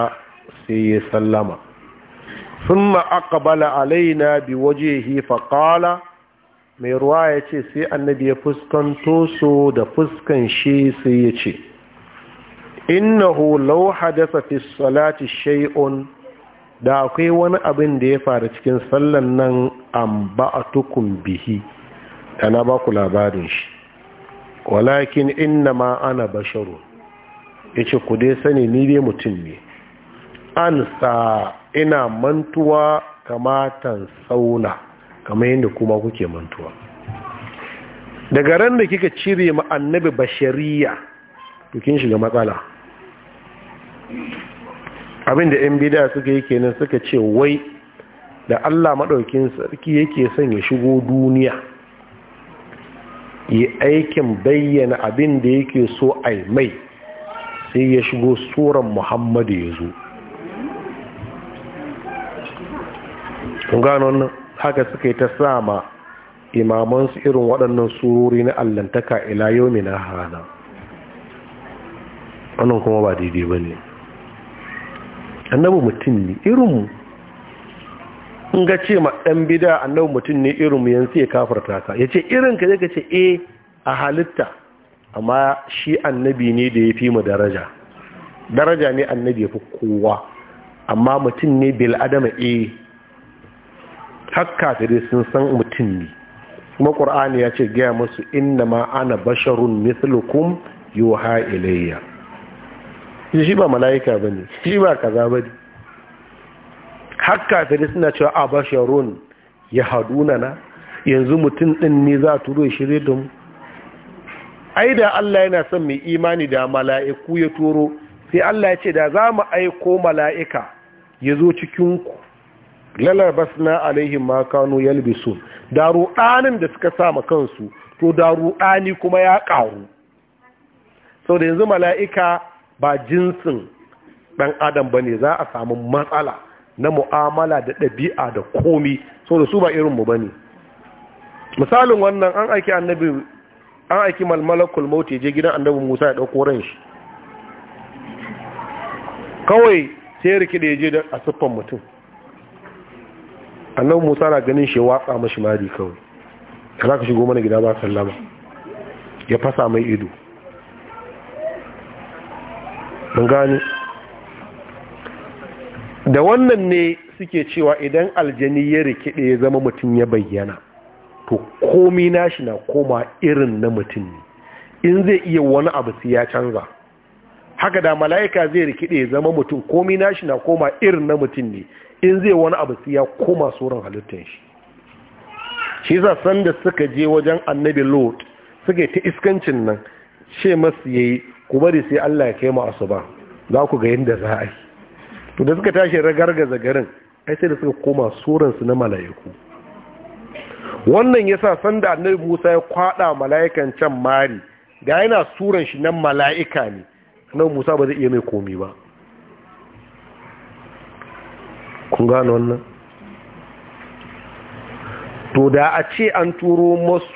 S1: sai ya sallama sun ma'akabala alaina bi wajehi faƙala mai ruwa ya ce sai annabi ya fuskanto su da fuskan shi sai ya ce innahu law hadasa fi salati shay'un da akwai wani abin da ya faru cikin sallan nan an tukun bihi ta na ba labarin shi walakin inna ma ana basharu ya ce ku dai sani ni dai mutum ne an sa ina mantuwa kamatan sauna kamar yadda kuma kuke mantuwa daga ran da kika cire ma annabi bashariya bikin shiga matsala abinda yan bida suka yi kenan suka ce wai da allah maɗaukin sarki yake son ya shigo duniya yi aikin bayyana abin da yake so a mai sai ya shigo tsoron muhammadu ya zo ganon haka suka yi ta sama imamansu irin waɗannan tsorori na allantaka ila yau na hana wannan kuma ba daidai ba ne annabi mutum ne irinmu in ga ce ma ɗan bida annabi mutum ne irin mu yanzu ya kafarta ka ya ce irin ka zai ce e a halitta amma shi annabi ne da ya fi mu daraja daraja ne annabi ya fi kowa amma mutum ne bil adama e hakka dai sun san mutum ne kuma ƙur'ani ya ce gaya masu inna ma ana basharun mithlukum yuha ilayya shi ba mala'ika bane shi ba kaza bane har kafirai suna cewa a sharon ya haduna na yanzu mutum ɗin ne za a turo ya shirye da mu ai da Allah yana son mai imani da mala'iku ya turo sai Allah ya ce da za mu aiko mala'ika ya zo cikinku lalar na alaihim makano yalbisu da ruɗanin da suka sama kansu to da ruɗani kuma ya ƙaru sau da yanzu mala'ika ba jinsin ɗan adam ba ne za a samu matsala na mu'amala da ɗabi'a da komi so da su ba irinmu ba ne misalin wannan an aiki annabi an aiki malmalakul mauti je gidan annabi musa ya ɗauko ran shi kawai sai rikide je da a siffan mutum annabi musa na ganin shi watsa mashi mari kawai kana zaka shigo mana gida ba sallama ya fasa mai ido mun gane da wannan ne suke cewa idan aljani ya rikide ya zama mutum ya bayyana to komi nashi na koma irin na mutum ne in zai iya wani abu su ya canza haka da mala'ika zai rikide ya zama mutum komi nashi na koma irin na mutum ne in zai wani abu su ya koma tsoron halittar shi shi za san da suka je wajen annabi lord suka yi ta iskancin nan ce masu yayi ku bari sai allah ya kai mu asuba za ku ga yadda za a yi to da suka tashi ragargaza garin ai sai da suka koma suransu na mala'iku wannan ya sa sanda annabi Musa ya kwada mala'ikan can mari ga yana suran shi na mala'ika ne annabi Musa ba zai iya mai komi ba kun gano wannan to da a ce an turo masu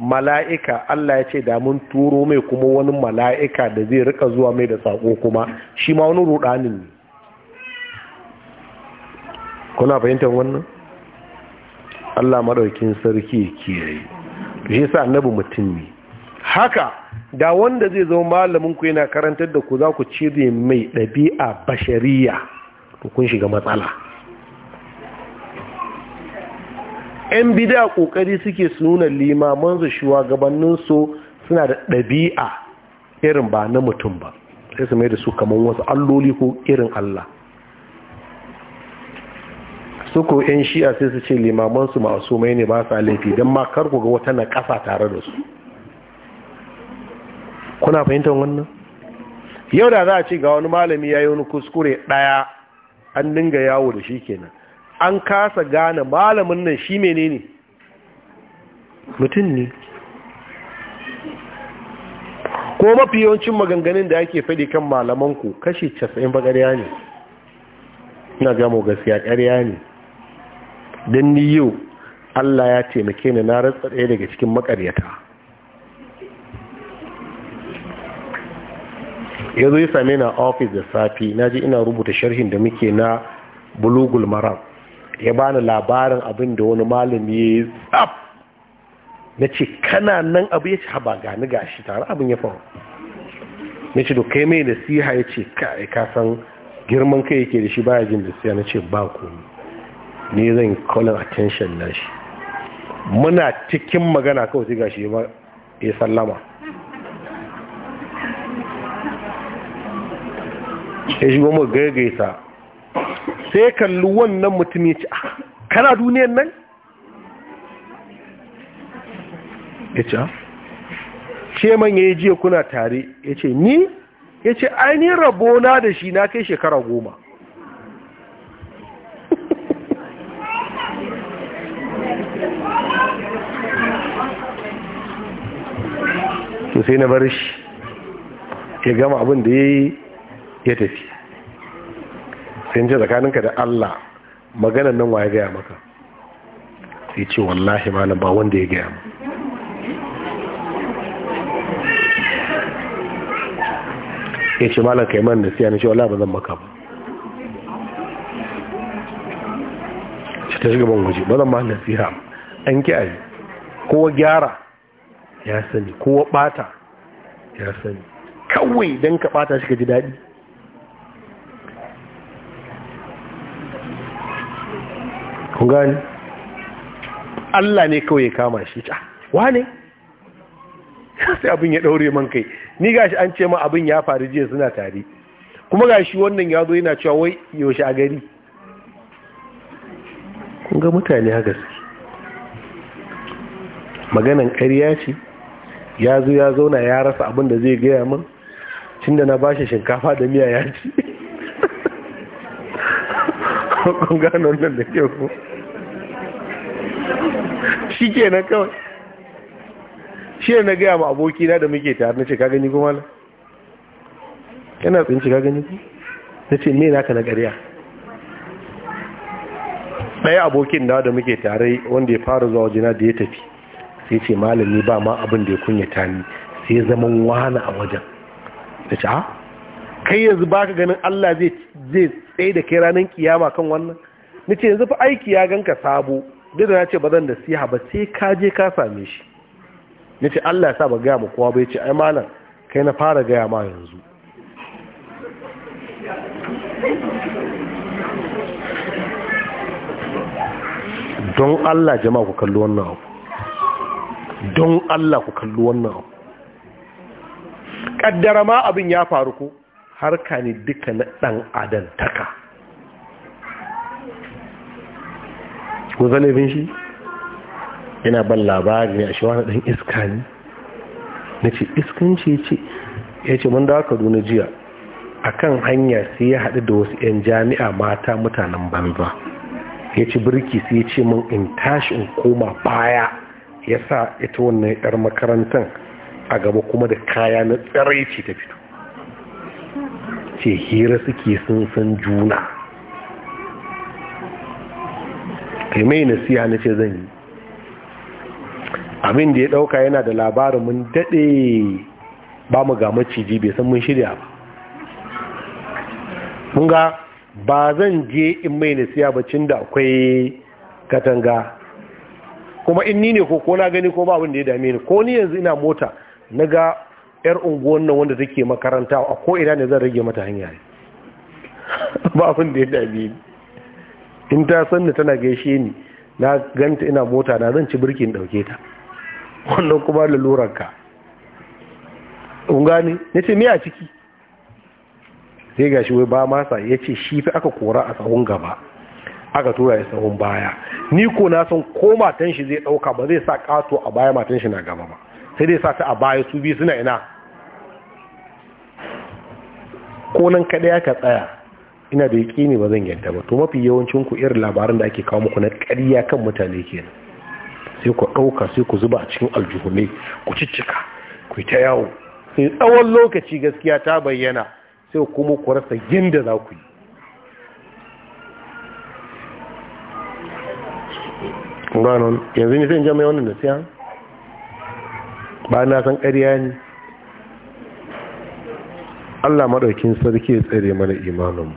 S1: mala'ika Allah ya ce da mun turo mai kuma wani mala'ika da zai rika zuwa mai da sako kuma shi ma wani rudanin ne kuna fahimtar wannan Allah maɗaukin sarki kiyaye to shi sa annabi mutum ne haka da wanda zai zama malamin ku yana karantar da ku za ku cire mai ɗabi'a bashariya to kun shiga matsala yan bida kokari suke su nuna limaman su shugabannin suna da ɗabi'a irin ba na mutum ba sai su mai da su kamar wasu alloli ko irin Allah suko yan shi'a sai su ce limamansu masu mai ne ba sa laifi don ma kar ga wata na ƙasa tare da su kuna fahimtar wannan yau da za a ce ga wani malami ya yi wani kuskure ɗaya an dinga yawo da shi kenan an kasa gane malamin nan shi menene ne mutum ne ko mafi yawancin maganganun da ake faɗi kan malamanku kashi 90 ba ne ina gamo gaskiya ƙarya ne don ni yau Allah ya taimake ni na ratsa ɗaya daga cikin makaryata ya zo ya same na ofis da safi na ji ina rubuta sharhin da muke na bulugul maram ya bani labarin abin da wani malami ya yi tsaf na ce kana nan abu ya ci haba gani gashi tare abin ya faru na ce kai mai nasiha ya ce ka san girman kai yake da shi baya jin da siya na ce ba komi ne zan calling attention na shi muna cikin magana kawai sai gashi ya sallama ya shigo mu sa sai kalli wannan mutum ya ce ah, kana duniyan nan ya ce ce ah. man ya jiya kuna tare ya ce ni ya ce ainihin rabona da shi na kai shekara goma to sai na bar shi ya gama abin da ya yi ya tafi sai ce tsakaninka da Allah maganan nan waye gaya maka sai ce wallahi malam ba wanda ya gaya maka ya ce malam kai man nasiya na ce wallahi ba zan maka ba ta shiga ban waje ba zan ma nasiya an ki kowa gyara ya sani kowa bata ya sani kawai don ka bata shi ka ji daɗi kun gani Allah ne kawai ya kama shi ta ah, wane sai abin ya ɗaure man kai ni gashi an ce ma abin ya faru jiya suna tare kuma gashi wannan ya zo yana cewa wai yaushe a gari kun ga mutane haka su, maganan ƙarya ce ya zo ya zauna ya rasa abin da zai gaya min cin da na ba shi shinkafa da miya ya ci hukun gano nan da ke ku shi ke na kawai shi ne na gaya ma abokina da muke tare na ce ka gani kuma na yana tsinci ka gani ku na ce me naka na gariya ɗaya abokin da muke tare wanda ya fara zuwa jina da ya tafi sai ce malami ba ma abin da ya kunyata ni sai zaman wani a wajen da ci ah, kai yanzu ba ka ganin Allah zai tsaye da kai ranar kiyama kan wannan ni ce yanzu fa aiki ya ganka sabo duk da na ce ba zan da siya ba sai ka je ka same shi ni ce Allah ya sa ba gaya ma kowa ba ya ce ai malam kai na fara gaya ma yanzu don Allah jama'a ku kalli wannan abu don Allah ku kalli wannan ƙaddara ma abin ya faru ko harka ne duka na ɗan adantaka ku bin shi yana ban labari ne a shi wani ɗan iska ne na ce iskanci ce ya ce mun da kaduna jiya a kan hanya sai ya haɗu da wasu 'yan jami'a mata mutanen banza ya ci birki sai ya ce mun in tashi in koma baya ya sa ita wannan yar makarantar a gaba kuma da kaya na tsaraici ta fito ce hira suke sun san juna kai mai nasiha na ce zan yi abin da ya ɗauka yana da labarin mun daɗe, ba mu ga maciji bai san mun shirya ba mun ga ba zan je in mai nasiya ba da akwai katanga kuma in ni ne ko ko na gani ko ba wanda ya dame ni ko ni yanzu ina mota na ga yar unguwan nan wanda take makaranta a ko ina ne zan rage mata hanya ba abin da ya dame ni in ta san tana gaishe ni na ganta ina mota na zan ci birkin dauke ta wannan kuma lalurar ka kun gane ce me a ciki sai gashi wai ba masa ce shi fi aka kora a tsawon gaba aka tura ya sahun baya ni ko na san ko matan shi zai dauka ba zai sa kato a baya matan shi na gaba ba sai dai sa ta a baya su biyu suna ina ko nan kada ya ka tsaya ina da ne ba zan yadda ba to mafi yawancin ku irin labarin da ake kawo muku na ƙarya kan mutane kenan sai ku ɗauka sai ku zuba a cikin aljuhunai ku ciccika ku ta yawo sai tsawon lokaci gaskiya ta bayyana sai kuma ku rasa yadda za ku yi gano yanzu ne sai in wannan nasiya ba na san ƙarya ne Allah maɗaukin sarki ya tsare mana imaninmu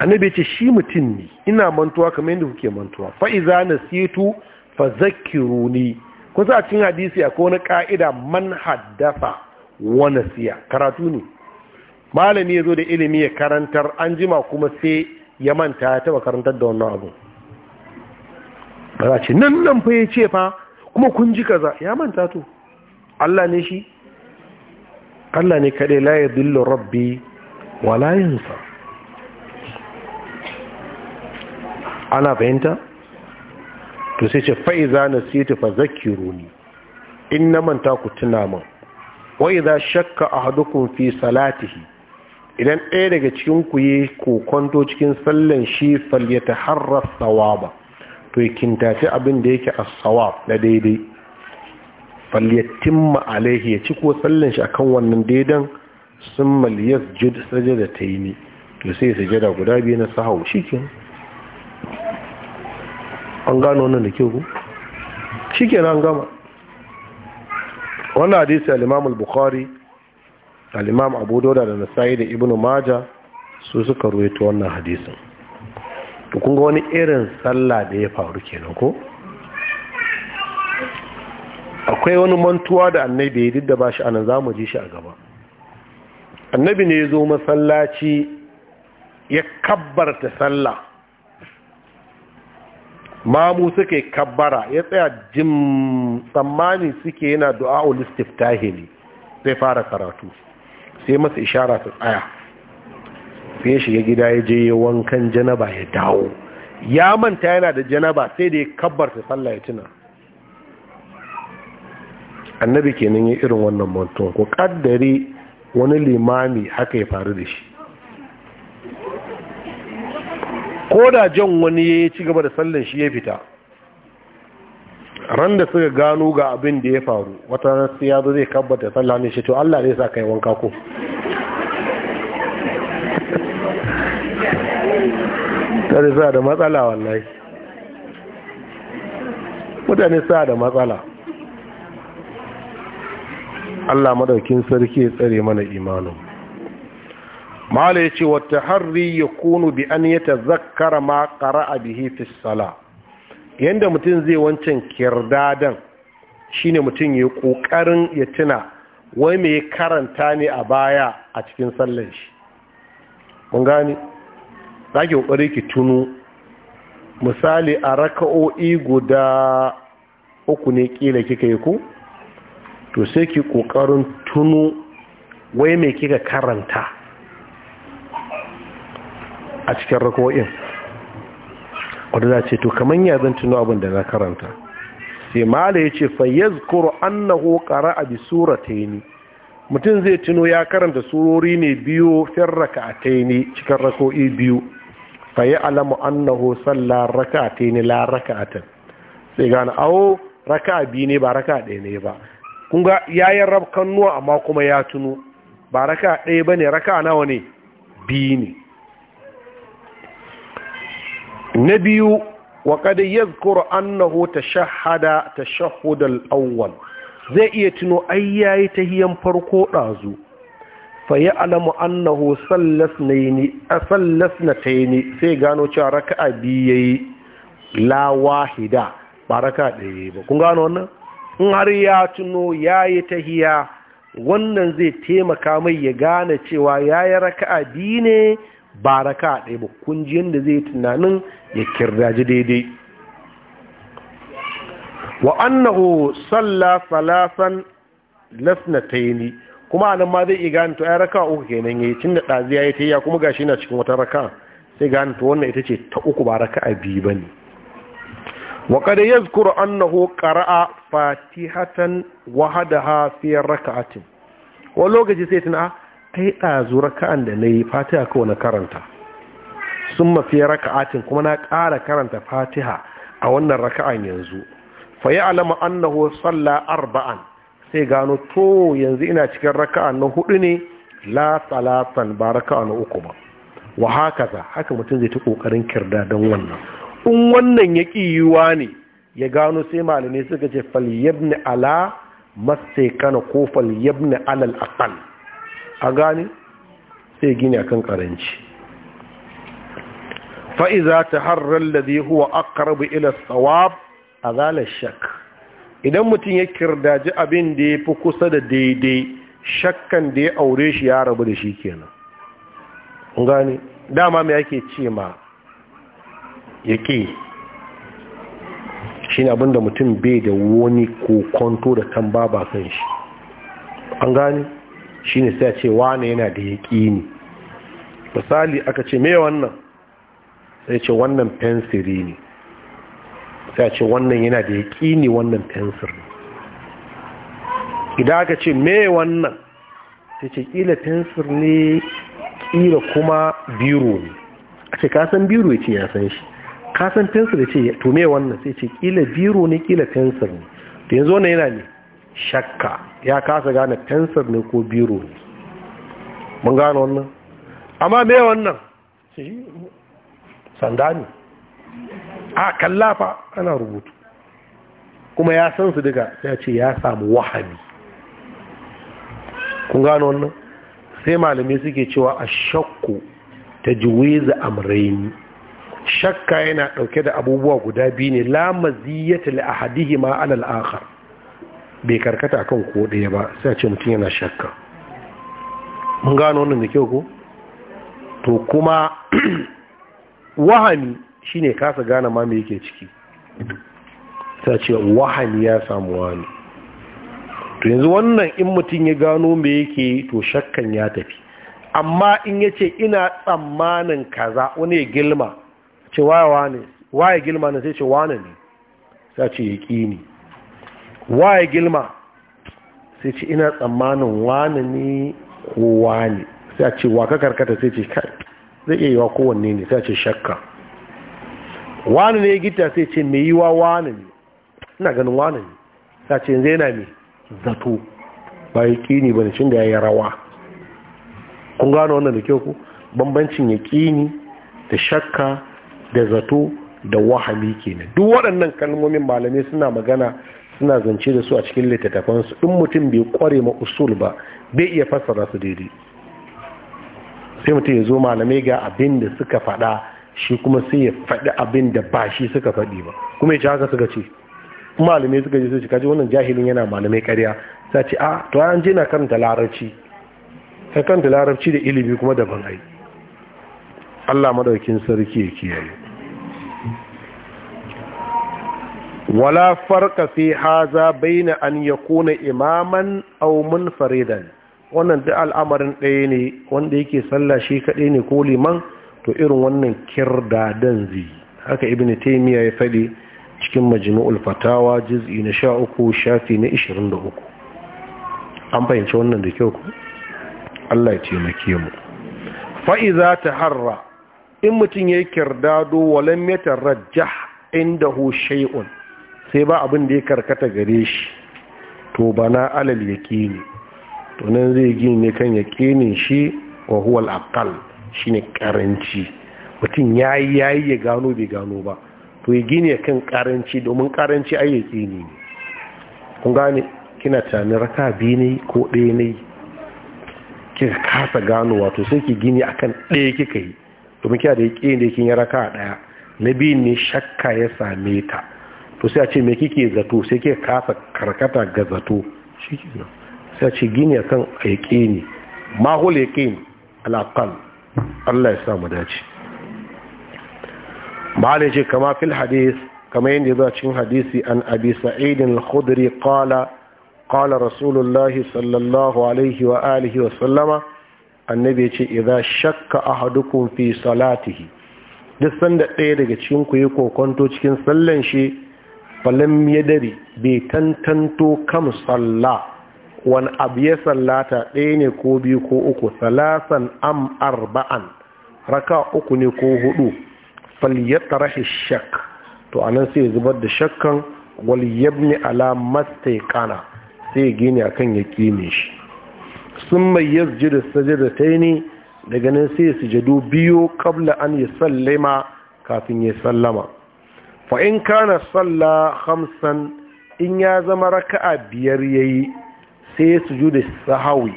S1: annabi ce shi mutum ne ina mantuwa kamar yadda kuke mantuwa fa'iza na setu fa zakiru ni kusa a cikin hadisi akwai wani ka'ida man haddafa wa nasiya karatu ne malami ya zo da ilimi ya karantar an jima kuma sai ya manta ya taba karantar da wannan abu ba ce nan nan fa ya ce fa kuma kun ji kaza ya manta to Allah ne shi Allah ne kaɗai la yadhillu rabbi wa la yansa ana fahimta to sai ce fa iza nasitu fa zakkiruni in na manta ku tuna min wa za shakka ahadukum fi salatihi idan ɗaya daga cikin ku yi kokonto cikin sallan shi falyataharra thawaba to kintafi abin da yake a sawab na daidai falyatimma alaihi ya ci ko sallan shi akan wannan daidan ta yi sajadataini to sai sujada guda biyu na sahau shikenan an gano wannan da kyau shikenan an gama wannan hadisi al-Imam al-Bukhari al-Imam Abu Dawud da Nasa'i da Ibn Majah su suka ruwaito wannan hadisin to kun ga wani irin sallah da ya faru kenan ko akwai wani mantuwa da annabi ya didda ba shi anan za mu ji shi a gaba annabi ne ya zo masallaci ya kabbarta sallah mamu suka yi kabbara ya tsaya jim tsammani suke yana du'a ulistif tahili sai fara karatu sai masa ishara su tsaya sai ya shiga gida ya je ya wankan janaba ya dawo ya manta yana da janaba sai da ya kabbarta sallah ya tuna annabi kenan ya irin wannan mantuwan ko kaddare wani limami haka ya faru da shi ko da jan wani ya ci gaba da sallan shi ya fita ran da suka gano ga abin da ya faru wata sai ya zo zai kabbata sallah ne shi to Allah ne sa kai wanka ko mutane suna da matsala wallahi mutane suna da matsala Allah madaukin sarki tsare mana imanin mala yace wa taharri yakunu bi an yatazakkara ma qara'a bihi fi sala yanda mutum zai wancan kirdadan shine mutum yayi kokarin ya tuna wai me karanta ne a baya a cikin sallar shi mun gani za ki ƙoƙari ki tunu misali a raka'o'i guda uku ne kila kika yi ku to sai ki ƙoƙarin tunu wai mai kika karanta a cikin raka'o'in wadda za ce to kamar ya zan tunu abin da na karanta sai mala ya ce fayyaz kuro na ƙara a bi yi ne mutum zai tuno ya karanta surori ne biyu ta yi ne cikin raka'o'i biyu fa alamu annahu salla yi ne la ta sai gane awo raka biyu ne ba raka ɗaya ne ba kun ga yayin rabkan nuwa amma kuma ya tunu ba raka ɗaya ba ne raka nawa ne biyu ne na biyu wa kada yadhkuru annahu ta tashahhud al auwal zai iya tuno ai yayi hiyan farko ɗazu. fa ya alamu annahu yi taini sai gano cewa raka'a biyu yayi la wahida ba da ɗaya ba kun gano wannan in har ya tuno yayi tahiya wannan zai taimaka mai ya gane cewa yayi raka'a biyu ne ba da ɗaya ba kun ji zai tunanin ya ji daidai wa annahu salla salasan lasnataini kuma anan ma zai iya gane to ya raka uku kenan yayi tunda dazi yayi 'ya kuma gashi yana cikin wata raka sai gane to wannan ita ce ta uku ba raka'a biyu bane wa qad yazkuru annahu qara'a fatihatan wahdaha fi raka'atin wa lokaci sai tuna ai ɗazu raka'an da nayi fatiha ko na karanta summa fi raka'atin kuma na ƙara karanta fatiha a wannan raka'an yanzu fa ya'lamu annahu salla arba'an sai gano to yanzu ina cikin raka'a na hudu ne la salatan ba raka'a na uku ba wa haka haka mutum zai ta kokarin kirda don wannan in wannan ya yiwuwa ne ya gano sai malamai suka ce falyabni ala masai kana ko falyabni alal asal. a gane sai gini kan karanci fa iza har zai huwa aqrabu ila tsawab a zalar shak. idan mutum ya kirdaji abin da ya fi kusa da daidai shakkan da ya aure shi ya rabu da shi kenan gani dama mai ake ce ma ya shi ne abinda mutum bai da wani kokonto da kan ba kan shi an gani shi ne sai ce wane yana da ya ne misali aka ce mai wannan sai ce wannan fensiri ne sai a ce wannan yana da yaƙini wannan fensir idan aka ce me wannan ta ce ƙila fensir ne ƙila kuma biro ne a ce kasan biro ya ce ya san shi kasan fensir ya ce to me wannan sai ce ƙila biro ne ƙila fensir ne da yanzu wannan yana ne shakka ya kasa gane fensir ne ko biro ne mun gane wannan amma me wannan sanda ne a kallafa ana rubutu kuma ya san su daga. ya ce ya samu wahami kun gano wannan sai malamai suke cewa a shakku ta juweza amraini shakka yana ɗauke da abubuwa guda biyu ne ya maziyyata ma ahadihima ma akhar bai karkata kan ko daya ba sai ce mutum yana shakka mun gano wannan da kyau ko to kuma wahami shine kasa gane ma me yake ciki ta ce wahani ya samu wani to yanzu wannan in mutum ya gano me yake to shakkan ya tafi amma in ya ce ina tsammanin kaza wani ya gilma ce waya gilma na sai ce wani ne ta ce ya ƙini waya gilma sai ce ina tsammanin wani ne ko wani sai ce wa ka karkata sai ce kai zai iya yi wa kowanne ne sai ce shakka wani ne ya gita sai ce mai yiwa wani ne ina ganin wani ne ta ce yanzu yana mai zato ba ya ƙini ba da cin da ya rawa kun gano wannan da kyau ku bambancin ya ƙini da shakka da zato da wahami kenan duk waɗannan kalmomin malamai suna magana suna zance da su a cikin littattafansu in mutum bai kware ma usul ba bai iya fassara su daidai sai mutum ya zo malamai ga abin da suka faɗa shi kuma sai ya faɗi abin da ba shi suka faɗi ba kuma ya haka suka ce malamai suka je su kaji wannan jahilin yana malamai karya sati ce a ah, to an je na karanta larabci ka karanta larabci da ilimi kuma daban ai Allah madaukin sarki ya kiyaye wala farka fi haza baina an yakuna imaman aw munfaridan wannan da al'amarin ɗaya ne wanda yake sallah shi kaɗai ne ko liman to irin wannan kirdadan zai yi, haka ibn taymiya ya faɗi cikin majmu'ul fatawa juz'i na 13 shafi na 23 an fahimci wannan da kyau ku Allah ya taimake mu fa ta harra, in mutun yayi kirdado walam yatarajjah indahu shay'un sai ba abin da ya karkata gare shi to bana alal yaqini to nan zai gini kan yaqinin shi wa huwa al-aqall shine karanci mutum ya yi ya yi ya gano bai gano ba to yi gini kan karanci domin karanci ai ne kun gane kina tani raka biyu ne ko ɗaya ne kika kasa gano wato sai ki gini akan ɗaya kika yi domin kina da yake da kin yi raka ɗaya na biyu ne shakka ya same ta to sai a ce me kike zato sai kika kasa karkata ga zato shi sai a ce gini akan yaƙi ne mahul yaƙi ne alaƙal Allah ya sa mu dace malai ce kama fil hadis kama yadda cikin hadisi an abi sa'id al-khudri qala qala rasulullah sallallahu alaihi wa alihi wa sallama annabi ce idza shakka ahadukum fi salatihi duk sanda ɗaya daga cikin ku yi kokonto cikin sallan shi falam yadari bai tantanto kam sallah wani abu ya sallata ɗaya ne ko biyu ko uku salasan am arba'an raka uku ne ko hudu falyatta rashi shak to a nan sai zubar da shakkan wal yabni ala kana sai gini akan ya kine shi sun mai yi ne daga nan sai sujadu biyu kabla an ya sallama kafin ya sallama fa in kana salla hamsan in ya zama raka'a biyar yayi sai sujuda sahawi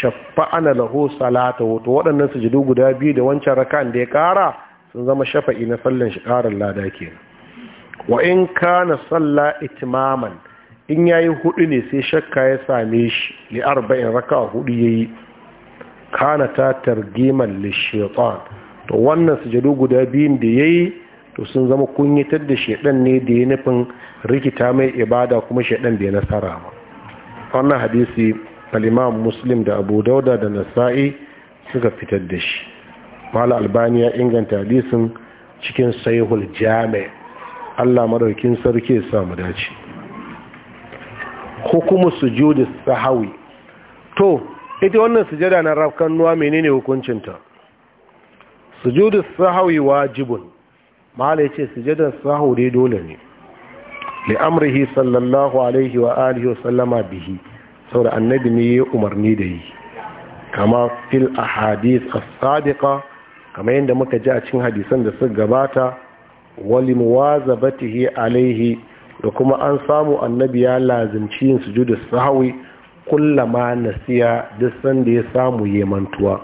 S1: shafa'ana lahu salata to waɗannan sujudu guda biyu da wancan raka'an da ya ƙara sun zama shafa'i na sallan shi ƙarin lada ke wa in na salla itimaman in ya yi hudu ne sai shakka ya same shi li arba'in raka'a hudu yi kana ta targiman li to wannan sujudu guda biyun da ya yi to sun zama kunyatar da shaidan ne da ya nufin rikita mai ibada kuma shaidan bai nasara ba wannan hadisi alimam muslim da abu dauda da nasa'i suka fitar da shi mala albani ya inganta hadisin cikin sahihul jami Allah madaukin sarki ya samu dace hukumu sujudi sahawi to ita wannan sujada na rafkan nuwa menene hukuncinta sujudu sahawi wajibun mala yace sujadar sahawi dole ne li amrihi sallallahu alaihi wa alihi wa sallama bihi saboda annabi ne ya umarni da yi kama fil ahadith as-sadiqa kama yadda muka ji a cikin hadisan da suka gabata wali muwazabatihi alaihi da kuma an samu annabi ya lazimci yin sujudu sahwi kullama nasiya duk sanda ya samu yemantuwa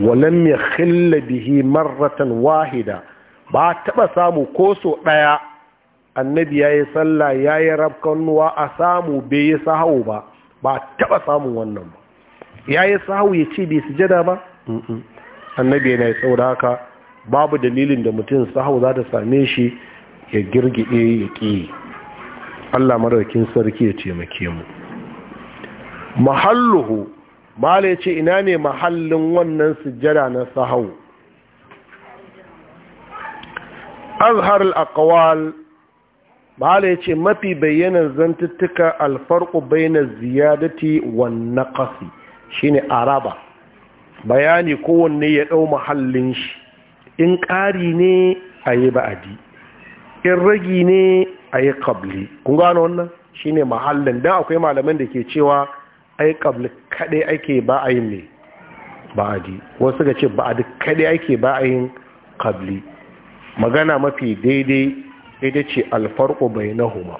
S1: walam ya bihi marratan wahida ba taba samu ko so daya annabi ya yi sallah ya yi rafkanuwa a samu bai yi sahau ba ba taba samun wannan ba ya yi sahau ya ce bai sujada ba annabi yana yi da haka babu dalilin da mutum sahau za ta same shi ya girgide ya ƙi Allah maraukin sarki ya ce make mu mahalluhu mala ya ce ina ne mahallin wannan sujada na sahau azhar al-aqwal bala ya ce mafi bayyana zantuttuka alfarko bayanar ziyadati wan naqasi shine araba bayani kowanne ya ɗau mahallin shi in ƙari ne a yi ba'adi in ragi ne a yi ƙabli kun gano wannan shine mahallin don akwai malaman da ke cewa ai ƙabli kaɗai ake ba a yin ba'adi wasu ga ce ba'adi kaɗai ake ba a yin ƙabli magana mafi daidai ita ce alfarko bai na huma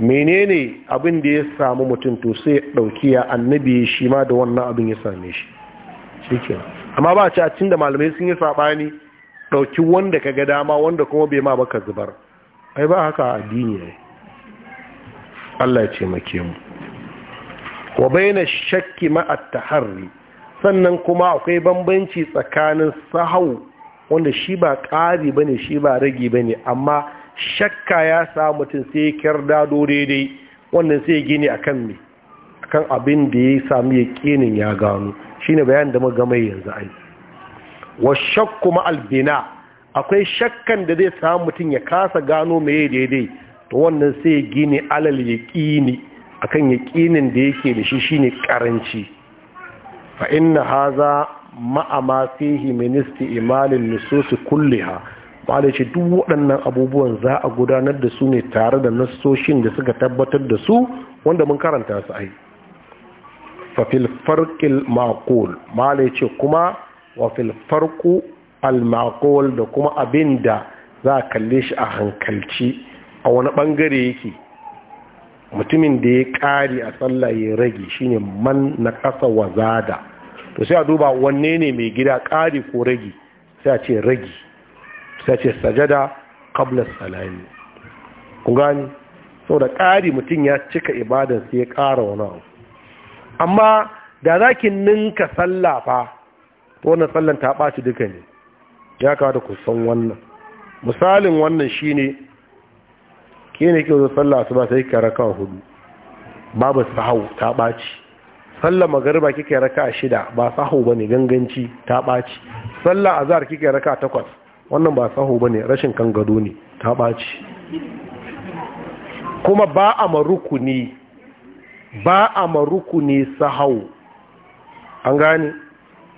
S1: menene abin da ya samu mutum to sai dauki ya annabi shi ma da wannan abin ya same shi shi amma ba ci a cin da malamai sun yi saɓani ɗauki wanda ka ga dama wanda kuma bai ma baka zubar ai ba haka addini ne Allah ya ce make mu wa baina shakki ma at-taharri sannan kuma akwai bambanci tsakanin sahau wanda shi ba ƙari bane shi ba rage bane amma shakka ya sa mutum sai kyar dado daidai wannan sai gini akan a kan abin da ya sami yaƙinin ya gano shi ne bayan da muga mai yanzu ai wa shakku ma albina akwai shakkan da zai samu mutum ya kasa gano mai daidai to wannan sai ya gini alal kan akan yaƙinin da yake da shi shine karanci fa'in na haza ma'a yi fihi imanin nususu kulle kulliha malai ce duk waɗannan abubuwan za a gudanar da su ne tare da nasoshin da suka tabbatar da su wanda mun karanta su ai fafil farqil maqul malai ce kuma wa fil farqu al maqul da kuma abinda za a kalle shi a hankalci a wani ɓangare yake mutumin da ya ƙari a sallah ya rage shine man na kasa wazada to sai a duba wanne ne mai gida ƙari ko rage sai a ce rage sai ce sajada kabla salami ku gani da ƙari mutum ya cika ibadar sai ya ƙara wani abu amma da za ki ninka sallah fa to wannan sallan ta ɓaci duka ne ya kawata ku san wannan misalin wannan shi ne ke ne ke zo sallah ba sai ka raka hudu babu sahau ta ɓaci sallah magariba kike raka shida ba sahau ba ne. ganganci ta ɓaci sallah azhar kike raka takwas wannan ba saho ba ne rashin kan gado ne ta ɓaci kuma ba a marukuni ba a marukuni sahau an gane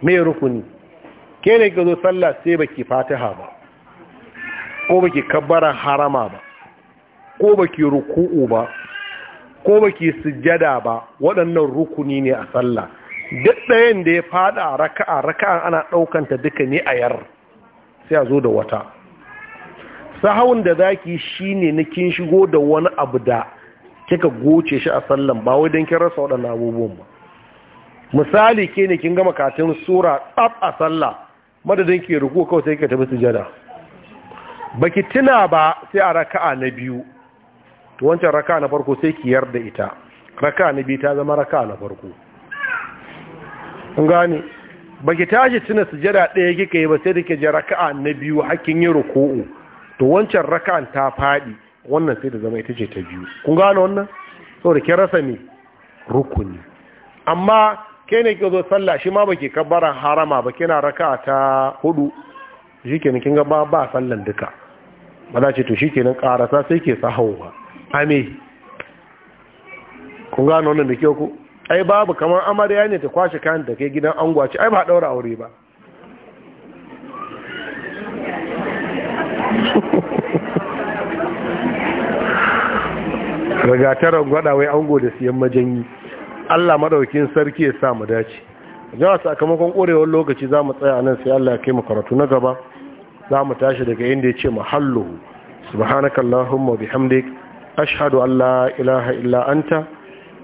S1: mai rukuni ke ne gado sallah sai ba ke fatiha ba ko ba ke kabbaran harama ba ko ba ke ruku'u ba ko ba ke sujada ba waɗannan rukuni ne a sallah duk ɗayan da ya fada raka'a, raka'a ana ɗaukanta duka ne a yar sai a zo da wata sahawun da zaki shine na kin shigo da wani abu da kika goce shi a sallan ba wai don kin rasa waɗannan abubuwan ba misali ke ne kin gama katin sura tsaf a sallah madadin ki ruku kawai sai ka tafi sujada baki tuna ba sai a raka'a na biyu to wancan raka'a na farko sai ki yarda ita raka'a na biyu ta zama raka'a na farko kun gane ba ki tashi tuna sujada ɗaya kika yi ba sai da ke je raka'a na biyu hakkin yi ruku'u to wancan raka'an ta faɗi wannan sai da zama ita ce ta biyu kun gano wannan da ki rasa ne rukuni amma ke ne ki zo sallah shi ma baki kabbaran harama ba kina raka'a ta hudu shi kin ga ba ba sallan duka ba za ce to nan karasa sai ke sahauwa. ame kun gano wannan da ke ku? ai babu kamar amarya ne ta kwashe kayan da kai gidan angwaci ai ba daura aure ba rigataran gwada wai ango da siyan majanyi Allah madaukin sarki ya sa mu dace jawa sakamakon korewar lokaci za mu tsaya nan sai Allah ya kai makaratu na gaba za mu tashi daga inda ya ce mahallu subhanakallahumma bihamdik ashhadu an la ilaha illa anta